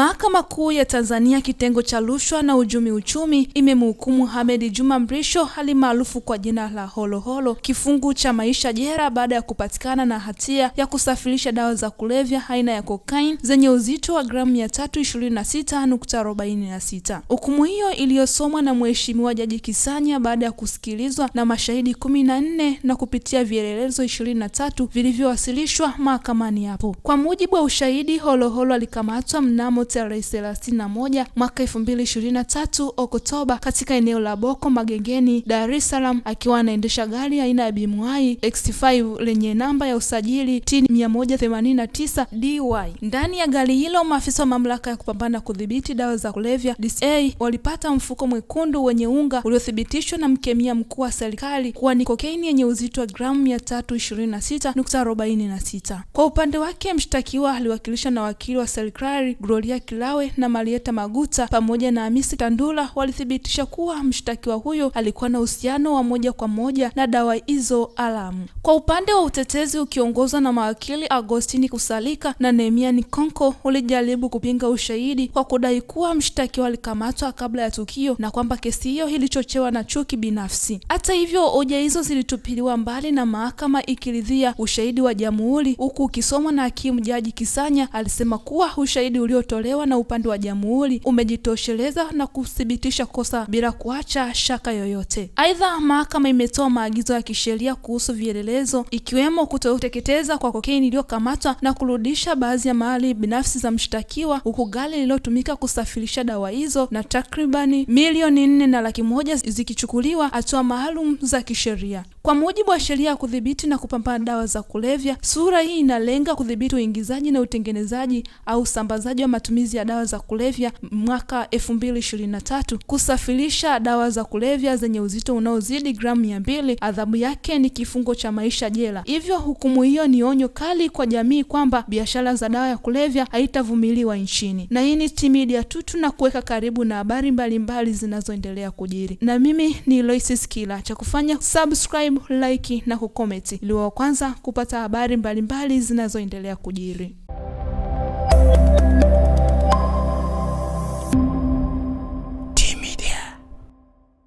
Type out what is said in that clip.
Mahakama Kuu ya Tanzania kitengo cha rushwa na ujumi uchumi imemhukumu Hamedi Juma Mrisho hali maarufu kwa jina la Holoholo kifungu cha maisha jela baada ya kupatikana na hatia ya kusafirisha dawa za kulevya aina ya kokaini zenye uzito wa gramu 326.46. Hukumu hiyo iliyosomwa na Mheshimiwa Jaji Kisanya baada ya kusikilizwa na mashahidi 14 na kupitia vielelezo 23 vilivyowasilishwa mahakamani hapo. Kwa mujibu wa ushahidi, Holoholo alikamatwa mnamo tarehe 31 mwaka 2023 Oktoba katika eneo la Boko Magengeni, Dar es Salaam, akiwa anaendesha gari aina ya bimuai X5 lenye namba ya usajili T 189 DY. Ndani ya gari hilo, maafisa wa mamlaka ya kupambana kudhibiti dawa za kulevya DCA walipata mfuko mwekundu wenye unga uliothibitishwa na mkemia mkuu wa serikali kuwa ni kokaini yenye uzito wa gramu 326.46. Kwa upande wake, mshtakiwa aliwakilisha na wakili wa serikali Gloria Kilawe na Marieta Maguta pamoja na Hamisi Tandula walithibitisha kuwa mshtakiwa huyo alikuwa na uhusiano wa moja kwa moja na dawa hizo alamu. Kwa upande wa utetezi ukiongozwa na mawakili Agostini Kusalika na Nehemia Nikonko ulijaribu kupinga ushahidi kwa kudai kuwa mshtakiwa alikamatwa kabla ya tukio na kwamba kesi hiyo ilichochewa na chuki binafsi. Hata hivyo, hoja hizo zilitupiliwa mbali na mahakama ikiridhia ushahidi wa jamhuri, huku ukisomwa na hakimu Jaji Kisanya alisema kuwa ushahidi uliotolewa uliotolewa na upande wa jamhuri umejitosheleza na kuthibitisha kosa bila kuacha shaka yoyote. Aidha, mahakama imetoa maagizo ya kisheria kuhusu vielelezo, ikiwemo kutoteketeza kwa kokeni iliyokamatwa na kurudisha baadhi ya mali binafsi za mshtakiwa, huku gari lililotumika kusafirisha dawa hizo na takribani milioni nne na laki moja zikichukuliwa hatua maalum za kisheria. Kwa mujibu wa sheria ya kudhibiti na kupambana dawa za kulevya, sura hii inalenga kudhibiti uingizaji na utengenezaji au usambazaji wa matumizi ya dawa za kulevya mwaka 2023, kusafirisha dawa za kulevya zenye uzito unaozidi gramu mia mbili, adhabu yake ni kifungo cha maisha jela. Hivyo hukumu hiyo ni onyo kali kwa jamii kwamba biashara za dawa ya kulevya haitavumiliwa nchini. Na hii ni Timidia tu tuna kuweka karibu na habari mbalimbali zinazoendelea kujiri, na mimi ni Loisis Kila cha kufanya subscribe like na kukomenti ili wa kwanza kupata habari mbalimbali zinazoendelea kujiri.